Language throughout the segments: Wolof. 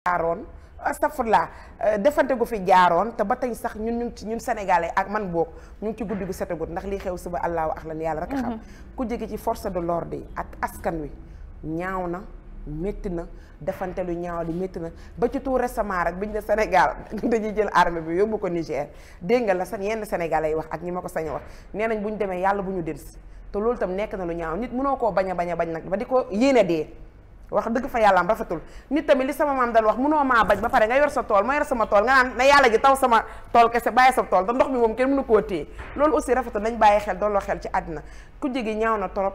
jaaroon astafurla euh, defante gu fi jaaroon te ba tey sax ñun ñu ci ñun sénégalais ak man boo ñu ngi ci guddi gu setagut ndax lii xew si suba allahu axlan yàlla rek a xam mm-hmm. ku jege ci force de l'ordre yi ak askan wi ñaaw na métti na defante lu ñaaw li métti na ba ci tout récemment rek biñ ne Sénégal dañuy jël armée bi yóbbu ko Niger dégg la sax yenn sénégalais yi wax ak ñi ma ko sañ a wax nee nañ bu ñu demee yàlla bu ñu delsi te loolu tam nekk na lu ñaaw nit mënoo koo bañ a bañ a bañ nag ba di ko yéene dee wax dëgg fa yàlla am rafetul nit tamit li sama maam dal wax munoo maa bañ ba pare nga yor sa tool ma yor sama tool nga naan na yàlla ji taw sama tool kese bàyyi sa tool te ndox mi moom kenn mënu koo téye loolu aussi rafetul nañ bàyyi xel dolloo xel ci àddina ku jege ñaaw na trop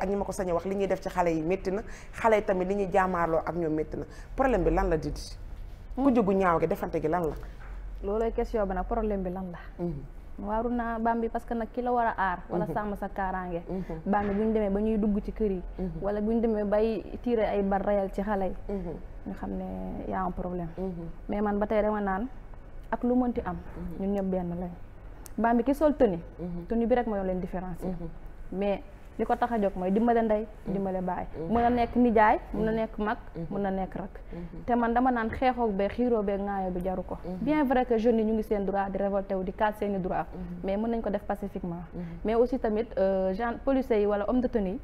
ak ñi ma ko sañee wax li ñuy def ci xale yi métti na xale yi tamit li ñuy jaamaarloo ak ñoom métti na problème bi lan la Didi hmm. ku jegu ñaaw gi defante gi lan la loolu loolooy question bi nag problème bi lan la hmm. waaru naa bam bi parce que nag ki la war a aar wala mhm. sàmm sa kaaraange mhm. bam bi bu ñu demee ba ñuy dugg ci kër yi mhm. wala bu ñu demee bay tiire ay bar rayal ci xale yi ñu xam ne yaa am problème mais man ba tey dama naan ak lu mënti am ñu ñëpp benn lañ bam bi ki sol tenue tenue bi rek moo leen différence mais li ko tax a jóg mooy dimbale ndey mm-hmm. dimbale baay mm-hmm. mun a nekk nijaay mm-hmm. mun a nekk mag mun a nekk rek te man dama naan xeexoog bee xiiroo bee ŋaayoo bi jaru ko bien vrai que jeunes yi ñu ngi seen droit di révolté wu di kaas seeni droit mais mën nañ ko def pacifiquement mais aussi tamit euh, genre policiers yi wala homme de tenue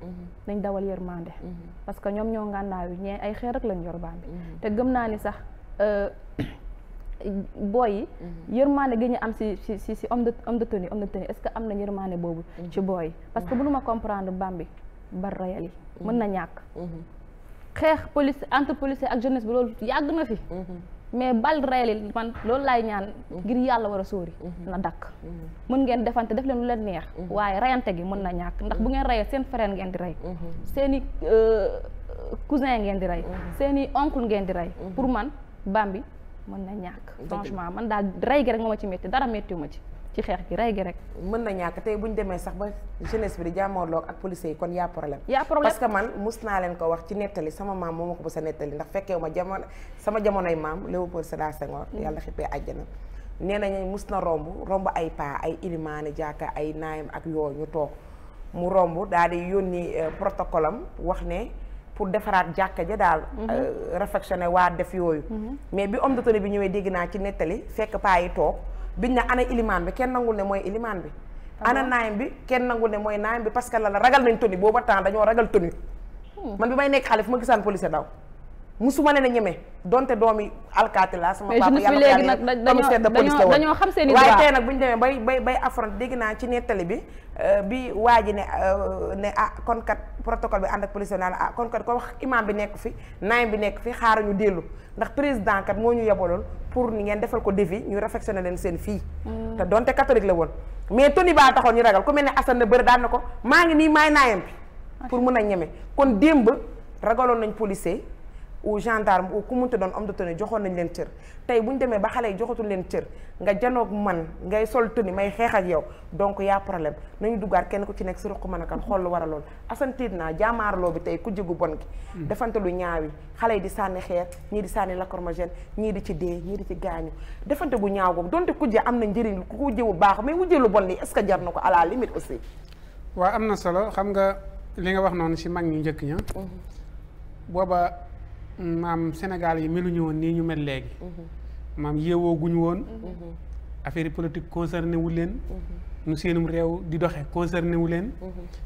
yi nañ dawal yërmande parce que ñoom ñoo ngànnaaw yi ñee ay xeer rek lañ yor baan bi te gëm naa ni sax euh, boy yi mhm. yërmande gi ñu am si si si si homme de homme de tenue homme de tenue est-ce que am na yërmande boobu mhm. ci booy yi parce que mënuma comprendre Bambi bar rayal yi mhm. mën na ñàkk xeex police entre policier ak jeunesse bi loolu yàgg na fi mais bal rayal man loolu laay ñaan ngir yàlla war a sóori na dakk mën ngeen defante def leen lu leen neex waaye rayante gi mën na ñàkk ndax bu ngeen rayal seen frère ngeen di rey seeni euh, cousin ngeen di rey seeni oncle ngeen rey pour man Bambi mën na ñàkk franchement man daal rey gi rek moo ma ci métti dara méttiwu ma ci ci xeex gi rey gi rek mën na ñàkk tey bu ñu demee sax ba jeunesse bi di jàmmoorloog ak police yi kon yaa problème yaa problème parce que man mus naa leen ko wax ci nettali sama maam moo ma ko bu sa nettali ndax fekkeewu ma jamono sama jamonoy maam Léopold Sédar Senghor mm. yàlla xippee àjjana nee nañu mus na romb romb ay paa ay ilimaane jàkka ay naayam ak yooyu ñu toog mu romb daal di yónni euh, protocole wax ne pour defaraat jàkka ja daal. Mhm. Euh, réfectionné waa def yooyu. Mhm. mais bi homme de tenue bi ñëwee dégg naa ci nettali fekk paa yi toog biñ ne ana ilimaan bi kenn nangul ne mooy ilimaan bi. Ah ana naayam bi kenn nangul ne mooy naayam bi parce que la ragal nañ tenue booba temps dañoo ragal tenue. Hmm. man bi may nekk xale fu ma gisaan policier daw. musuma leen a ñeme donte doomi alkaati laa sama papa yàlla dañoo dañoo xam seen i waaye tey nag bu ñu demee bay bay bay affront dégg naa ci nettali bi euh, bi waa ji ne euh, ne ah kon kat protocole bi ànd ak police naan ah kon kat ko wax imam bi nekk fi naim bi nekk fi xaaruñu dellu ndax président kat moo ñu yebaloon pour ni ngeen defal ko défi ñu réfectionné leen seen fii mm. te donte catholique la woon mais toni baa taxoon ñu ragal ku mel ne Assane na bëri daan na ko maa ngi nii maay naayam bi pour mun a ñeme kon démb ragaloon nañ policier ou gendarme ou ku munta doon homme de tenue joxoon nañ leen cër tey bu ñu demee ba xale yi joxatul leen cër nga janoog man ngay sol tenue may xeex ak yow donc yaa problème nañu duggaat kenn ku ci nekk si ruq mën a kan xool lu war a lool asantiit naa jaamaarloo bi tey ku jigu bon gi mm. defante lu ñaawi xale yi di sànni xeer ñii di sànni lacrymogène ñii di ci dee ñii di ci gaañu defante gu ñaaw googu donte kujje am na njëriñ ku kujje bu baax mais wujje lu bon li est jar na ko à la limite aussi am na solo xam nga li nga wax noonu si mag ñi njëkk ña mm-hmm. booba maam Sénégal yi meluñu woon nii ñu mel léegi. Mhm. maam yeewoo guñu woon. Mhm. affaire politique concerné wu leen. Mhm. nu seenum réew di doxe concerné wu leen.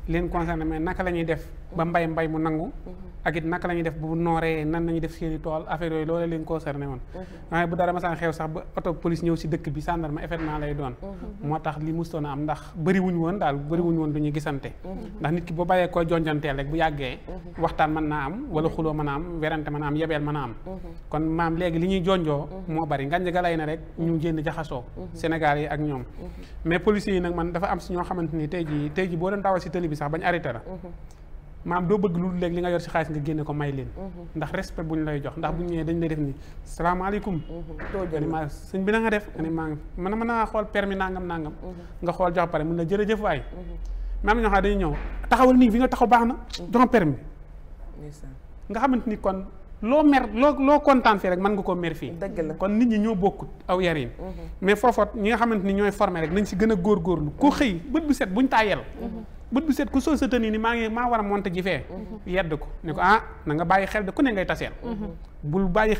leen concerné mais naka la ñuy def. ba mbay mbay mu nangu mm-hmm. ak it naka la ñuy def bu nooree nan la def seeni tool affaire yooyu loolu leen concerné woon mm-hmm. waaye bu dara masaan xew sax ba oto police ñëw si dëkk bi gendarme effectivement lay doon mm-hmm. moo tax li mustoon a am ndax bëri wuñ woon daal bëri wuñ woon du ñu gisante ndax nit ki boo bàyyee koo jonjanteel rek bu yàggee waxtaan mën naa am wala xuloo mën a am werante am yebeel mën am kon maam léegi li ñuy jonjoo moo bari ngànj ga lay na rek ñu génn jaxasoo Sénégal yi ak ñoom mais policiers yi nag man dafa am si ñoo xamante ni tey ji tey ji boo doon dawal si tëli bi sax bañ arrêté la maanaam doo bëgg lu léegi li nga yor si xaalis nga génne ko may leen mhm. ndax respect bu ñu lay jox ndax bu ñu ñëwee dañ lay def ni salaamaaleykum mhm. nga ni maa sëñ bi na nga def nga maa mën a mën naa xool permis nangam nangam mhm. nga xool jox pare mun na jërëjëf waay maam ñoo xam dañuy ñëw taxawal nii fi nga taxaw baax na jox permis nga xamante ni kon loo mer loo loo kontaan fii rek mën nga koo mer fii kon nit ñi ñoo bokkut aw yarin mais foofoot ñi nga xamante ni ñooy formé rek nañ si gën a góor góorgóorlu ku xëy bët bu set buñ tàyyel bët bu set ku sol sa tëni ni maa ngi maa war a monte ji fee yedd ko ne ko ah na nga bàyyi xel de ku ne ngay taseel bul bàyyi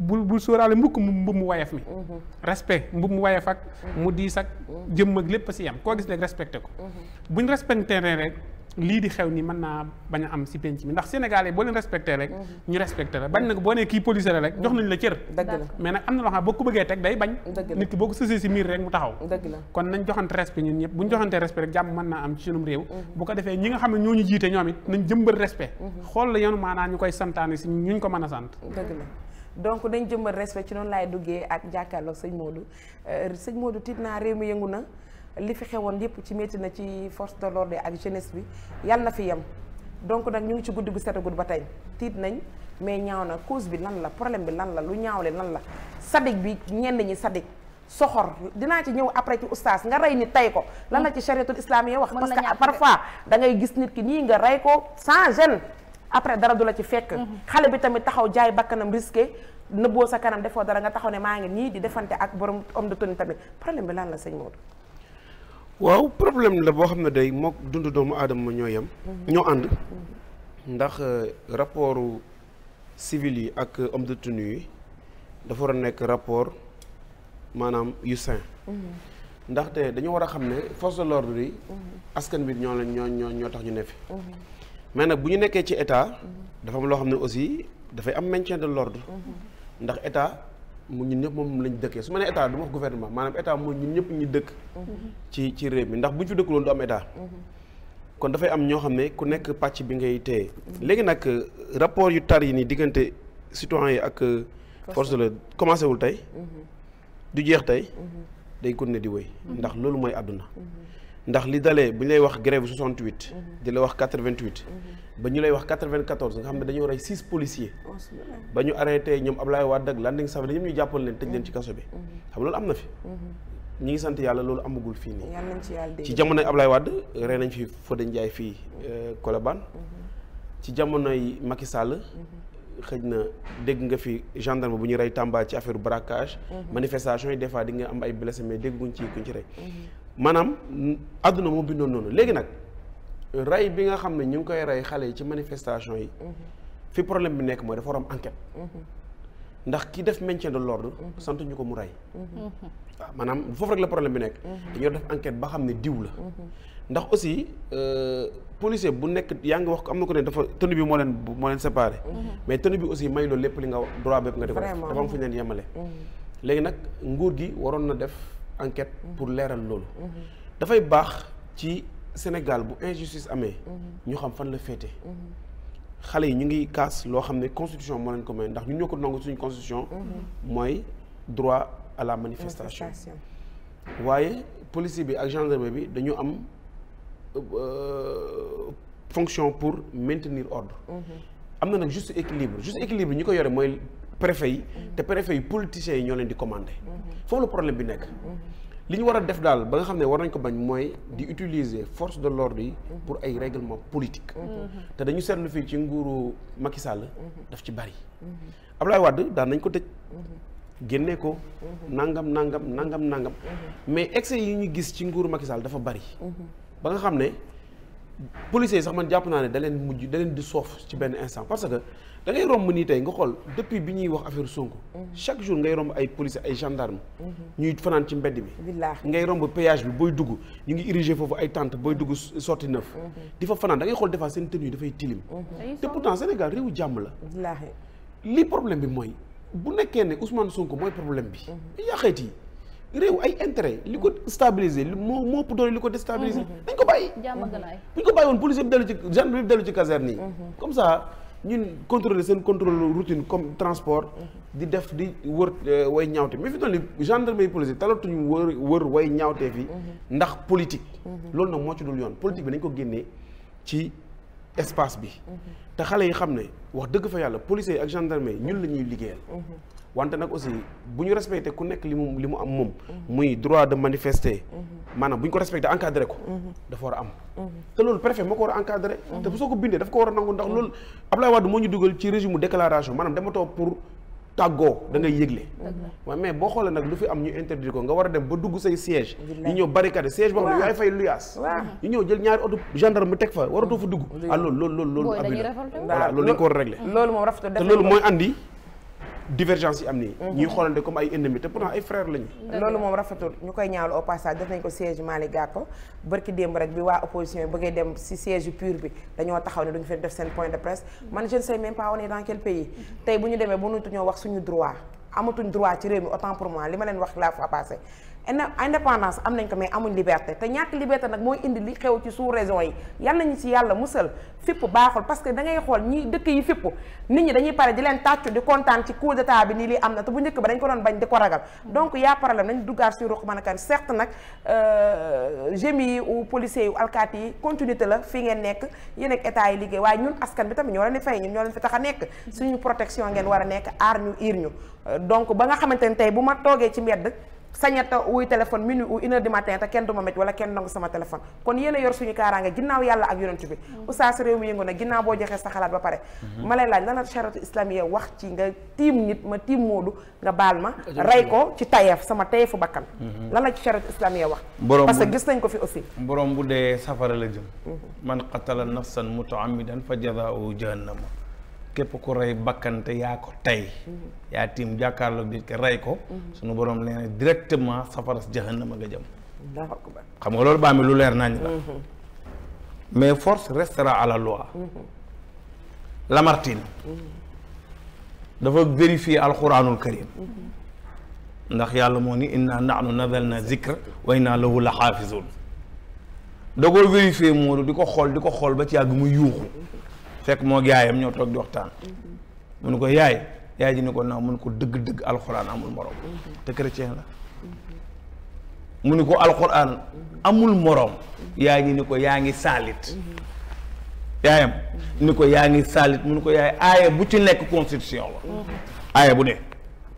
bul bul sóoraale mbukk mu mbub mu wayaf mi respect mbub mu wayaf ak mu diis ak jëmm ak lépp si yam koo gis rek respecté ko buñ respecté rek lii di xew ni mën naa bañ a am si penc mi ndax sénégalais boo leen respecté rek mhm. ñu respecté la bañ nag boo nee kii police la rek jox nañ la cër mais nag am na loo xam boo boo ko kon nañ joxante respect ñun ñëpp bu ñu joxante respect rek jàmm mën naa am ci sunum réew mhm. defee ñi nga xam ne ñoo jiite ñoom it nañ jëmbal respect mhm. xool la yoonu maanaa ñu koy santaane si ñu ko mën a sant donc dañ jëmbal respect ci noonu laay duggee ak jàkkaarloog sëñ Modou euh, sëñ Modou tiit naa réew mi yëngu na li fi xewoon yépp ci métti na ci force de l'ordre ak jeunesse bi yàlla na fi yem donc nag ñu ngi ci guddi gu setagul ba tey tiit nañ mais ñaaw na cause bi lan la problème bi lan la lu ñaawle lan la sadik bi ñenn ñi sadik soxor dinaa ci ñëw après ci oustaz nga rey nit tey ko lan la ci chariatul islam yi wax parce que parfois da ngay gis nit ki nii nga rey ko sans gêne après dara du la ci fekk mhm. xale bi tamit taxaw jaay bakkanam risqué nëbboo sa kanam defoo dara nga taxaw ne maa ngi nii di defante ak borom tamit problème bi lan la sëñ Maodo waaw problème la boo xam ne day mook dund doomu aadama ñoo yem. Mhm. ñoo ànd. Mhm. ndax euh, rapportu civil yi ak euh, homme de tenue yi dafa war a nekk rapport maanaam yu sain. Mhm. ndaxte dañu war a xam ne force de l'ordre yi. askan bi ñoo leen ñoo ñoo tax ñu ne mais nag bu ñu nekkee ci état. dafa am loo xam ne aussi dafay am maintien de l'ordre. ndax état mu ñun ñëpp moom lañ dëkkee su ma nee état du ma wax gouvernement maanaam état mooy ñun ñëpp ñu dëkk. ci ci réew mi ndax bu ñu fi dëkkuloon du am état. kon dafay am ñoo xam ne ku nekk pàcc bi ngay téye. léegi nag euh, rapport yu tar yi nii diggante citoyen yi ak. Euh, force la commencé wul tey. du jeex tey. day continuer di wéy. ndax loolu mooy àdduna. ndax li dalee bu ñu lay wax grève 68. di la wax 88. ba ñu lay wax 94 nga xam ne dañoo rey 6 policiers. ba ñu arrêté ñoom Ablaye Wade ak Landing Savané ñoom ñu jàppoon leen tëj leen ci kaso bi. xam loolu am na fi. ñi ngi sant yàlla loolu amagul fii nii. ci jamonoy lay Wade rey nañ fi Fodé Ndiaye fii euh, Colobane. ci jamonoy Macky Sall. xëj na dégg nga fi gendarme bu ñu rey Tamba ci affaire braquage. manifestation yi des fois di nga am ay blessé mais dégguñ ci kuñ ci rey. maanaam àdduna moo bindoon noonu léegi nag. rey bi nga xam ne ñu ngi koy rey xale yi ci manifestation yi. Mhm. fi problème bi nekk mooy dafa war am enquête. Mhm. ndax ki def maintien de l'ordre mhm. sant ñu ko mu rey. waaw maanaam foofu rek la problème bi nekk. dañoo def enquête ba xam ne diw la. ndax aussi euh, policier bu nekk yaa ngi wax am na ko ne dafa tenue bi moo leen moo leen séparé. mais tenue bi aussi may loolu lépp li nga droit bépp nga def. dafa am fu ñu yemale. léegi nag nguur gi waroon na def enquête pour leeral loolu. dafay baax Sénégal bu injustice amee. Mhm. ñu xam fan la féete. Mhm. xale yi ñu ngi kaas loo xam ne constitution moo leen ko may ndax ñun ñoo ko nangu suñu constitution. Mhm. mooy droit à la manifestation. waaye policier bi ak gendarme bi dañu am euh, fonction pour maintenir ordre. am na nag juste équilibre juste équilibre ñi ko yore mooy préfet yi. te préfet yi politiciens yi ñoo leen di commander. foofu la problème bi nekk. li ñu war a def daal ba nga xam ne war nañ ko bañ mooy di utiliser force de l'ordre yi pour ay règlement politique mhm. te dañu seetlu fii ci nguuru Macky Sall mhm. daf ci bari mhm. Abdoulaye Wade daan nañ ko tëj génne ko nangam nangam nangam nangam mais excès yi ñu gis ci nguuru Macky Sall dafa bari ba nga xam ne policiers yi sax man jàpp naa ne da leen mujj da leen di soof ci benn instant parce que da ngay romb nii tey nga xool depuis bi ñuy wax affaire Sonko. Mhm. chaque jour ngay romb ay policiers ay gendarme mhm. ñuy fanaan ci mbedd bi. ngay romb péage bi booy dugg ñu ngi érigé foofu ay tente booy dugg sorti neuf. Mhm. di fa fanaan da ngay defaa seen tenue dafay tilim. te pourtant Sénégal réewu jàmm la. li problème bi mooy bu nekkee ne Ousmane Sonko mooy problème bi. yaa yi réew ay intérêt li ko stabiliser moo moo doole li ko déstabiliser dañ mm-hmm. ko bàyyi mm-hmm. bu ñu ko bàyyi woon police bi dellu ci gendarme bi dellu ci caserne yi mm-hmm. comme ça ñun contrôler seen contrôle routine comme transport di def di wër euh, way ñaawte mais fi doon ni gendarme yi police talatuñu wër wër way ñaawtee fi ndax politique loolu nag moo ci dul yoon politique bi nañ ko génnee ci espace bi te xale yi xam ne wax dëgg fa yàlla policiers yi ak gendarme yi ñun la wante nag aussi bu ñu respecté ku nekk li mu li mu am moom. muy droit de manifester. maanaam bu ñu ko respecté encadré ko. dafa war a am. te loolu préfet moo ko war a encadré. ko bindee daf ko war a nangu ndax loolu Ablaye Wade moo ñu dugal ci régime déclaration maanaam dematoo pour. tàggoo da ngay yëgle waaye mais boo xoolee nag lu fi am ñu interdit ko nga war a dem ba dugg say siège ñu ñëw barricade siège boo jël ñaari oto gendarme mu teg fa waratoo fa dugg ah loolu loolu loolu loolu abri la loolu lañ ko te loolu mooy andi divergence yi am nii. Mhm. ñuy xoolante comme ay ennemis te pourtant ay frères lañu. loolu moom rafetul ñu koy ñaawlu au passage def nañ ko siège Malick Gakou barki démb rek bi waa opposition yi bëggee dem si siège pur bi dañoo taxaw ne duñu fi def seen point de presse mhm. man je ne sais même pas on est dans quel pays mhm. tey bu ñu demee mënatuñoo wax suñu droit amatuñ droit ci réew mi autant pour moi li ma leen wax laa fois passée. indépendance am nañ ko mais amuñ liberté te ñàkk liberté nag mooy indi li xew ci sous raison yi yal nañu ci yàlla musal fipp baaxul parce que da ngay xool ñi dëkk yi fipp nit ñi dañuy pare di leen tàccu di kontaan ci coup d'état bi nii li am na te bu njëkk ba dañ ko doon bañ di ko ragal donc y'a problème nañ duggaat si ruq mën a kan certes nag euh, gémi yi ou policiers yi alkaati yi continuité la fii ngeen nekk yéen état yi liggéey waaye ñun askan bi tamit ño leen fay ñun ñoo leen tax a nekk suñu protection ngeen war a nekk aar ñu iir ñu euh, donc ba xamante ne tey bu ma toogee ci mbedd sañata wuy téléphone minuit ou une heure du matin te kenn du ma métti wala kenn nangu sama téléphone kon yéen a yor suñu kaaraange ginnaaw yàlla ak yonent bi mm-hmm. oustaz réew mi yëngu na ginnaaw boo joxee sa xalaat ba pare mm-hmm. ma lay laaj lan la charatu islamiya wax ci nga tiim nit ma tiim moodu nga baal ma rey ko ci tayeef sama tayeefu bakkan mm-hmm. lan la ci charatu islamiya wax parce que gis nañ ko fi aussi borom bu dee safara la jëm man qatala nafsan mutaamidan fa jazaau jahannama képp ku rey bakkante yaa ko tey yaa tiim jàkkaarloog nit ki rey ko suñu borom nee na directement safara jahannama nga jëm xam nga loolu baa mi lu leer nañ la mhm. mais force restera à la loi mhm. Lamartine mhm. dafa vérifier alquranul karim ndax yàlla moo ni inna nahnu nazalna zikra wa inna lahu la xaafizun da ko vérifier moodu di ko xool di ko xool ba ci yàgg muy yuuxu fekk moo yaayam ñoo toog di waxtaan mu ne ko yaay yaay ji ni ko naaw mu ne ko dëgg-dëgg alxuraan amul morom te chrétien la mu ni ko alxuraan amul morom yaay ñi ni ko yaa ngi saalit yaayam ni ko yaa ngi saalit mu ni ko yaay aaya bu ci nekk constitution la aaya bu ne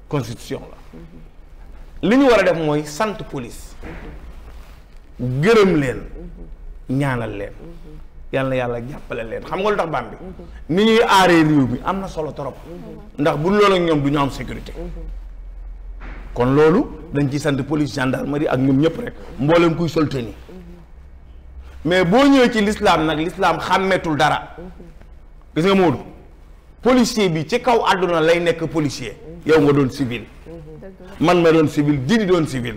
constitution la li ñu war a def mooy sant police gërëm leen ñaanal leen yàlla yàlla jàppale leen xam nga lu tax bambi ni ñuy aaree réew mi am na solo trop ndax bu loolu ak ñoom du ñu am sécurité kon loolu dañ ci sant police gendarmerie ak ñoom ñëpp rek mboolem kuy solté ni mais boo ñëwee ci l'islam nag l'islam xàmmeetul dara gis nga Moodu policier bi ci kaw àdduna lay nekk policier yow nga doon civil man ma doon civil di di doon civil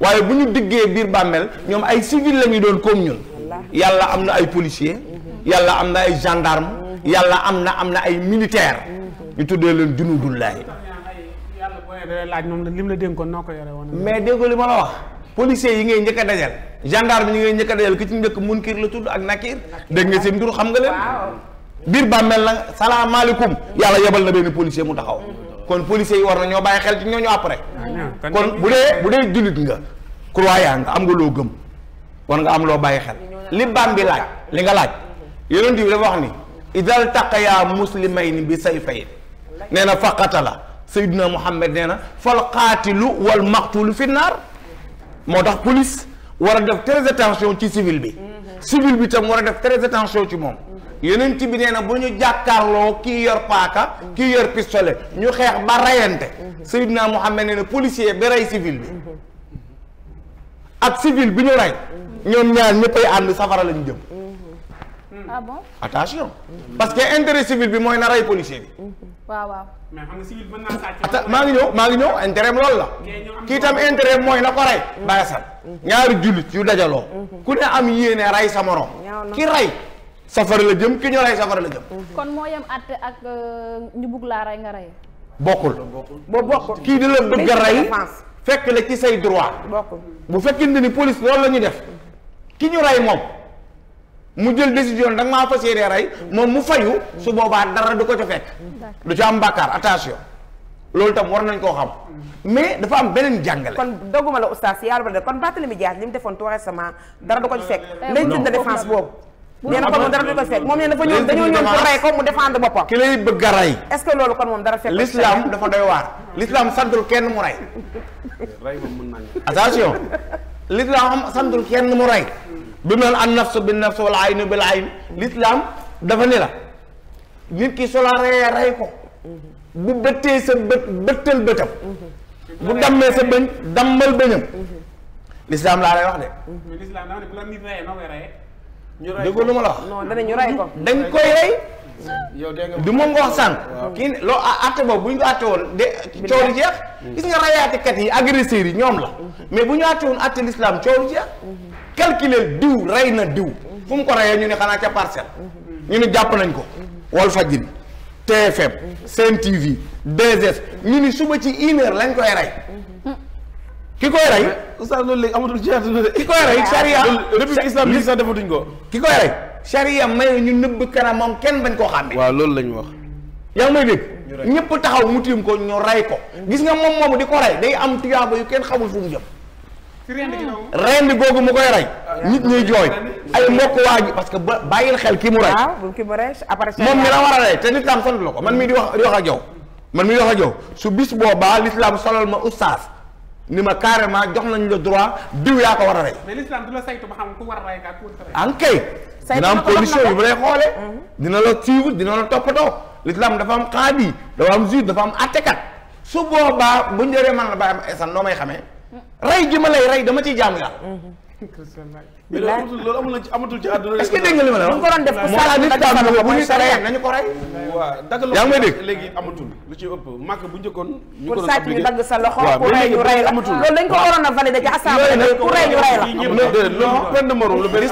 waaye bu ñu diggee biir bàmmeel ñoom ay civil la ñu doon comme ñun yàlla am na ay policiers yàlla am na ay gendarme yàlla am na am na ay militaire ñu tuddee leen junudullaahi laaj moom lim la dénkoon noo ko yore woon mais déggoo li ma la wax policiers yi ngay njëkk a dajal gendarme yi ngay njëkk a dajal ki ci njëkk munkir la tudd ak nakir dégg nga seen ndur xam nga leen biir bàmmeel la salaamaaleykum yàlla yebal na benn policier mu taxaw kon policiers yi war na ñoo bàyyi xel ci ñooñu après kon bu dee bu dee jullit nga croyant nga am nga loo gëm war nga am loo bàyyi xel li baam bi laaj li nga laaj yonent bi dafa wax ni idal taqayaa muslimayni bi say sayfayn nee na faqatala sayyiduna muhammad nee na fal qaatilu wal maqtulu fi naar moo tax police war a def très attention ci civil bi mhm. civil bi tam war a def très attention ci moom mhm. yonent bi nee na bu ñu jàkkaarloo kii yor paaka mhm. kii yor pistolet ñu xeex ba rayante sayyiduna muhammad nee na policier bi rey civil bi ak civil bi ñu rey ñoom ñaar ñëppay ànd safara lañu jëm ah bon attention parce que intérêt civil bi mooy na rey policier bi waaw waaw maa ngi ñëw maa ngi ñëw intérêt la kii tam intérêt mooy na ko rey bàyyi ñaari jullit yu dajaloo mhm. ku ne am yéene rey sa morom ki rey safara la jëm ki ñu rey safara la jëm kon moo yem àtte ak euh, ñu bugg laa rey nga rey bokkul kii di la rey fekk la ci say droit bu fekkente ni police loolu la ñuy def ki ñu rey moom mu jël décision da nga maa fas yéene rey moom mu fayu su boobaan dara du ko ca fekk du ci am bàkkaar attention loolu tam war nañ koo xam mais dafa am beneen jàngale. kon dogguma la oustaz yàlla ba kon Barthélémy li mu defoon tout récemment dara du ko eh, boobu. nee na ko moom dara du ko fekk moom nee na dafa ñëw dañoo ñëw pour rey ko mu défendre boppam. ki lay bëgg rey. est ce que loolu kon moom dara fekk. l'islam dafa doy waar. l'islam santul kenn mu rey. rey moom mën naa ñàkk. attention l'islam santul kenn mu rey. bi mu an nafsu bi nafsu wala aynu bil ayn l'islam dafa ni la nit ki soo reyee rey ko. bu bëttee sa bët bëttal bëtam. bu dammee sa bëñ dammal bëñam. l'islam laa lay wax de. mais ko lu ma la dañ koy rey. du moom nga wax sànq. kii loo àtte boobu bu ñu ko àtte woon de coow lu jeex. Mm-hmm. gis nga rayaatekat yi agresseurs yi ñoom la. Mm-hmm. mais bu ñu àtte woon àtte l'islam coow lu jeex. Mm-hmm. calculer diw rey na diw. fu mu ko reyee ñu ne xanaa ca parcelle. ñu ne jàpp nañ ko. Walfadjri TFM. Sen TV 2S ñu ni suba ci une lañ koy rey. ki koy rey. oustaz loolu léegi amatul ci àdduna de. ki koy rey sax defatuñ ko. ki koy rey. charia may ñu nëbb kanamam kenn bañ koo xàmmee. waaw loolu la ñu wax. yaa may dégg. ñëpp taxaw mu tiim ko ñu rey ko. gis nga moom moomu di ko rey day am tuyaaba yu kenn xamul fu mu jëm. Ah, nit ñuy jooy. ay mbokk waa ji parce que ba bàyyil xel ki mu rey. Ah, moom mi la war a rey te lislaam sant la ko man mii di wax di wax ak yow. man mii di wax ak yow su bis boobaa lislaam solal ma ustaas ni ma carrément jox nañ la droit diw yaa ko war a rey. mais lislaam du la war a rey ak dina am condition yu mu lay xoolee. Mhm. dina la suivre dina la toppatoo l'islam dafa am xaadi dafa am juge dafa am attekat su boobaa bu njëree man la bàyyi ma esan noo may xamee mhm. rey gi ma lay rey dama ciy jaamu yàlla mhm. mais loolu amul amatul ko doon def ko saa ci ëpp màkk a validé ci assemblée ku rey ñu rey la. loolu peine de mort lu bëri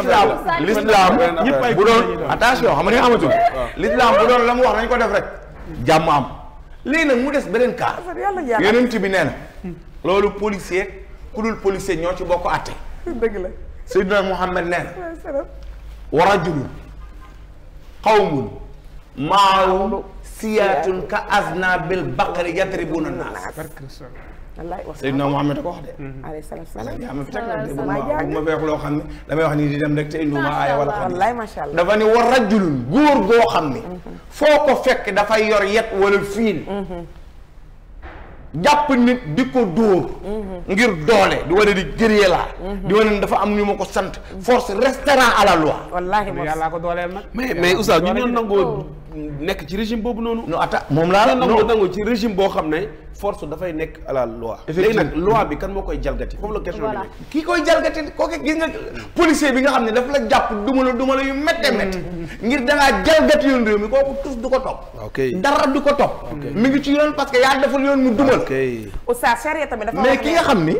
l'islam bu doon attention xam nga amatul. l'islam bu doon la mu wax nañu ko def rek jàmm am léegi nag mu des beneen cas yonent bi nee na loolu policier ku dul policier ñoo ci bokk àtte dëgg la Seydina Muhammad nee na wa rajulun qawmun maahum siyaatun ka aznaabil baqari yatribuna naas wallaay wax Seydina Muhammad a ko wax de. alayhi salaam yaa ma fi teg nag de bu ma bu ma feex loo xam ne damay wax ni di dem rek te indiwuma aaya wala xam ne dafa ni wa rajulun góor goo xam ne. Mhm. foo ko fekk dafay yor yet wala fiin. Mhm. jàpp nit di ko dóor mm-hmm. ngir doole di wane di gëree laa mm-hmm. di wane ne dafa am ñu ma ko sant force restera à la loi wallaahi yàllaa ko dooleel nag mais mais oustaz ñu ñoo nangoo oh. nekk ci régime boobu noonu. no atta moom laa non nangu ci régime boo xam ne force dafay nekk à la loi. effectivement léegi bi kan moo koy jalgati. foofu la question bi kii koy jalgati kooku gis nga. policier bi nga xam ne daf la jàpp dumala dumala yu méttee mm-hmm. métti. ngir da ngaa jalgati yoon réew mi kooku tus du ko topp. ok dara du ko topp. mi ngi ci yoon parce que yaa deful yoon mu dumal. ok oustaz charia tamit dafa mais ki nga xam ni.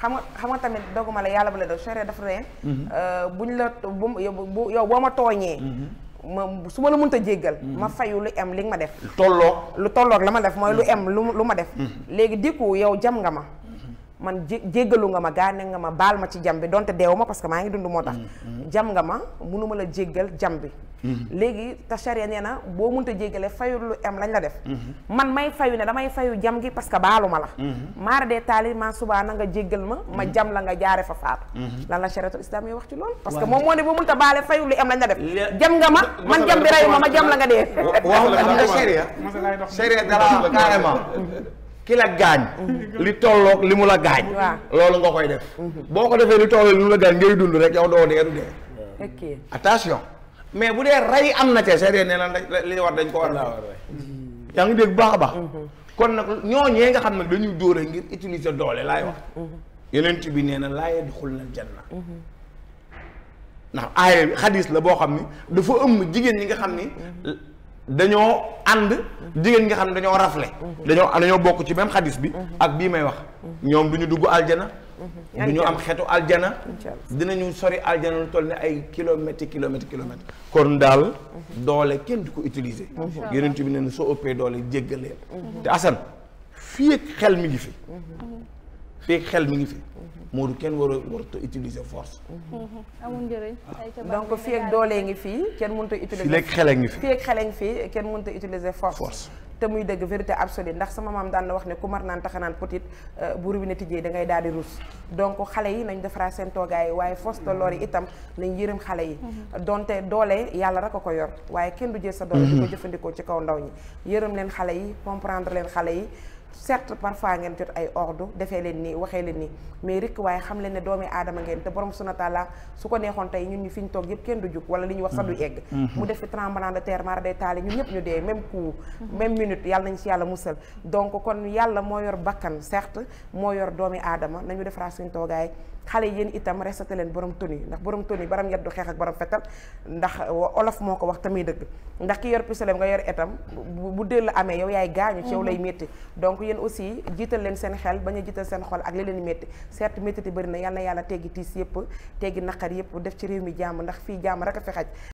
xam nga xam nga tamit doguma la yàlla bu la def charia dafa ne. Mm-hmm. Euh, buñ la bu yow boo ma tooñee. Mm-hmm. ma su ma la mënta jéggal mm-hmm. ma fayu lu em li ma def tolloog lu tollook la ma def mooy lu mm-hmm. em lu lu ma def mm-hmm. léegi dikku yow jam nga ma man jé jéggalu nga ma gaane nga ma baal ma ci jam bi donte deewu ma parce que maa ngi dundu moo tax jam nga ma munuma la jéggal jam bi Mm-hmm. léegi te charia nee na boo munta jéggale fayul lu em lañ la def mm-hmm. man may fayu ne damay fayu jam gi parce que baalu mm-hmm. ma la maara dee taali maa subaana nga jéggal ma ma jam la nga jaare fa la chariatul islam wax ci loolu parce que moom moo ne boo munta baale fayul lu am lañ la def jam nga ma man jam bi reyu ma ma jam la nga dee waaw xam nga charia charia dara carrément ki la gaañ li tolloog li mu la gaañ loolu nga koy def boo ko defee li tolloog li mu la gaañ ngay dund rek yow doo dee du dee attention mais bu dee rey am na ca seeree nee na li war dañ ko war a mm-hmm. yaa ngi dégg baax a baax mm-hmm. kon nag ñooñee nga xam ne dañuy dóore ngir utiliser doole laay wax mm-hmm. yeneen ci bi nee na laa yadxul na janna ndax aaya bi xadis la boo xam ni dafa ëmm jigéen ñi nga xam ni dañoo ànd jigéen ñi nga xam ne dañoo rafle dañoo dañoo bokk ci même xadis bi ak bii may wax ñoom bu ñu dugg aljana du ñu am xetu aljana dinañu sori aljana lu toll ne ay kilomètres kilomètres kilomètres kon daal doole kenn du ko utiliser yonent bi ne soo ëppee doole jéggaleel mhm. te asan fii xel mi ngi fi mhm. fii xel mi ngi fi mhm. moo du kenn war a warut a utiliser force. amul njëriñ. donc fii ngi fi kenn mënut a utiliser. fii ngi fi fii kenn mun a utiliser force. force te muy dégg vérité absolue ndax sama maam daan na wax ne ku mar naan taxanaan petit euh, bu robinet tijjee da ngay daal di ruus donc xale yi nañ defaraat seen toogaay waaye fos de lor yi mm-hmm. itam nañ yërëm xale yi mm-hmm. donte doole yàlla rek a ko yor waaye kenn du jël sa doole di ko mm-hmm. jëfandikoo ci kaw ndaw ñi yërëm leen xale yi comprendre leen xale yi certes parfois ngeen jot ay ordre defee leen nii waxee leen nii mais rek waaye xam leen ne doomi aadama ngeen te borom suna taala su ko neexoon tey ñun ñu fi ñu toog yëpp kenn du jug wala li ñu wax sax du mm-hmm. egg mm-hmm. mu def fi tremblement de terre mar day taali ñun ñëpp ñu dee même coup même minute yàlla nañ ci yàlla musal donc kon yàlla moo yor bakkan certes moo yor doomi aadama nañu defaraat suñu toogaay xale yéen itam respecté leen borom toni ndax borom toni baram yat du xeex ak borom fetal ndax olof moo ko wax tamit dëgg ndax ki yor pistolet nga yor itam bu dee la amee yow yaay gaañu ci yow lay métti mhm. donc yéen aussi jiital leen seen xel bañ a jiital seen xol ak li leen métti certes métti ti bëri na yal na yàlla teggi tiis yëpp teggi naqar yëpp def ci réew mi jàmm ndax fii jàmm rek a fi xaj